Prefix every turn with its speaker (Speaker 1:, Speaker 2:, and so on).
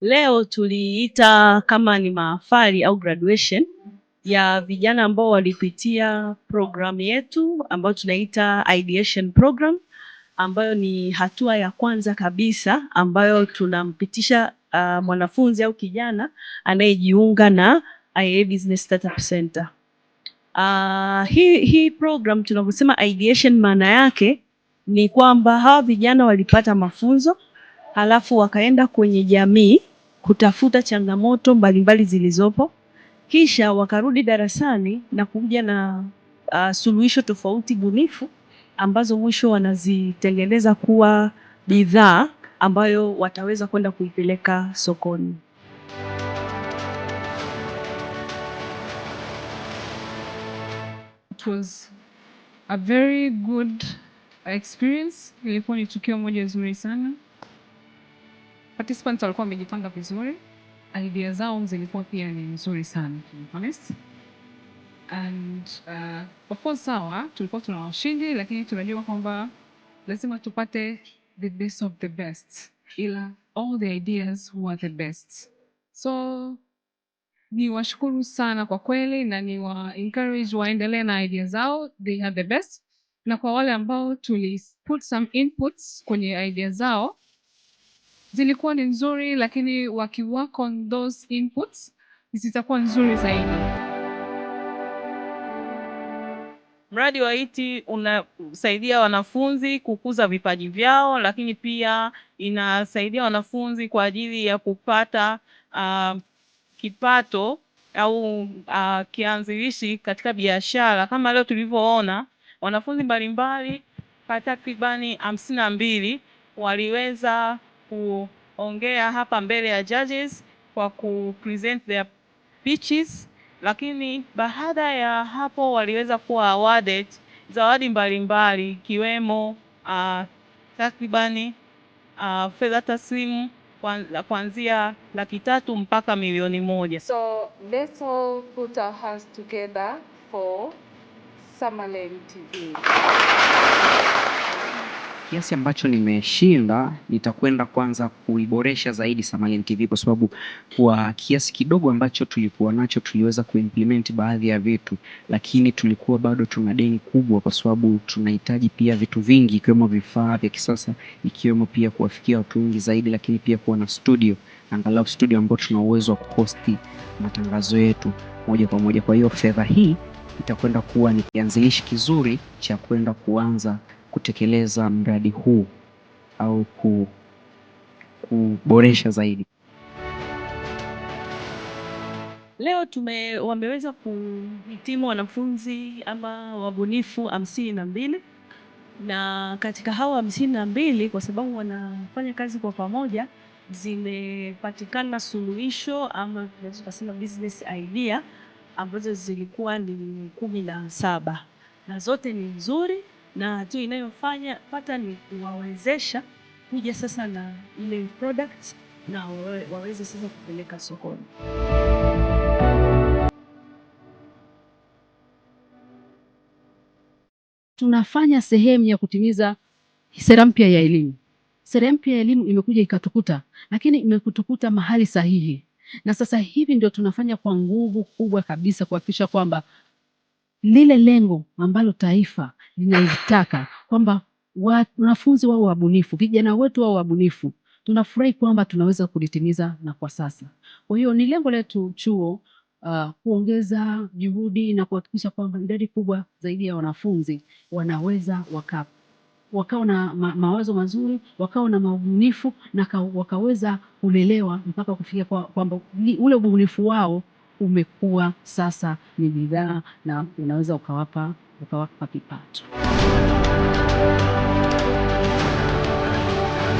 Speaker 1: Leo tuliita kama ni mahafali au graduation ya vijana ambao walipitia programu yetu ambayo tunaita ideation program, ambayo ni hatua ya kwanza kabisa ambayo tunampitisha uh, mwanafunzi au kijana anayejiunga na IAA Business Startup Center. Uh, hii hii program tunavyosema ideation, maana yake ni kwamba hawa vijana walipata mafunzo halafu wakaenda kwenye jamii kutafuta changamoto mbalimbali zilizopo, kisha wakarudi darasani na kuja na uh, suluhisho tofauti bunifu ambazo mwisho wanazitengeneza kuwa bidhaa ambayo wataweza kwenda kuipeleka sokoni.
Speaker 2: It was a very good experience. Ilikuwa ni tukio moja zuri sana participants walikuwa wamejipanga vizuri, idea zao zilikuwa pia ni nzuri sana honest. And uh, of course sawa, tulikuwa tuna washindi, lakini tunajua kwamba lazima tupate the best of the best, ila all the ideas were the best. So ni washukuru sana kwa kweli, na ni wa encourage waendelee na idea zao, they are the best. Na kwa wale ambao tuli put some inputs kwenye idea zao zilikuwa ni nzuri, lakini wakiwork on those inputs zitakuwa nzuri zaidi.
Speaker 3: Mradi wa iti e unasaidia wanafunzi kukuza vipaji vyao, lakini pia inasaidia wanafunzi kwa ajili ya kupata uh, kipato au uh, kianzilishi katika biashara. Kama leo tulivyoona wanafunzi mbalimbali takribani hamsini na mbili waliweza kuongea hapa mbele ya judges kwa ku present their pitches, lakini baada ya hapo waliweza kuwa awarded zawadi mbalimbali ikiwemo uh, ah, takribani uh, ah, fedha taslimu kuanzia laki tatu mpaka milioni moja.
Speaker 4: So let's all put our hands together for Summerland TV
Speaker 5: kiasi ambacho nimeshinda nitakwenda kwanza kuiboresha zaidi Samagen TV kwa sababu kwa kiasi kidogo ambacho tulikuwa nacho tuliweza kuimplement baadhi ya vitu, lakini tulikuwa bado tuna deni kubwa, kwa sababu tunahitaji pia vitu vingi, ikiwemo vifaa vya kisasa, ikiwemo pia kuwafikia watu wengi zaidi, lakini pia kuwa na studio, angalau studio ambayo tuna uwezo wa kuposti matangazo yetu moja kwa moja. Kwa hiyo fedha hii itakwenda kuwa ni kianzilishi kizuri cha kwenda kuanza kutekeleza mradi huu au kuboresha zaidi.
Speaker 1: Leo tume wameweza kuhitimu wanafunzi ama wabunifu hamsini na mbili na katika hao hamsini na mbili kwa sababu wanafanya kazi kwa pamoja, zimepatikana suluhisho ama tunaweza kusema business idea ambazo zilikuwa ni kumi na saba na zote ni nzuri na tu inayofanya pata ni kuwawezesha kuja sasa na ile product na waweze sasa kupeleka sokoni.
Speaker 6: Tunafanya sehemu ya kutimiza sera mpya ya elimu. Sera mpya ya elimu imekuja ikatukuta, lakini imekutukuta mahali sahihi, na sasa hivi ndio tunafanya kwa nguvu kubwa kabisa kuhakikisha kwamba lile lengo ambalo taifa linalitaka kwamba wanafunzi wao wabunifu, vijana wetu wao wabunifu, tunafurahi kwamba tunaweza kulitimiza na kwa sasa. Kwa hiyo ni lengo letu chuo uh, kuongeza juhudi na kuhakikisha kwamba idadi kubwa zaidi ya wanafunzi wanaweza waka wakawa na ma mawazo mazuri, wakawa na maubunifu na ka wakaweza kulelewa mpaka kufikia kwamba kwa ule ubunifu wao umekuwa sasa ni bidhaa na unaweza ukawapa ukawapa kipato.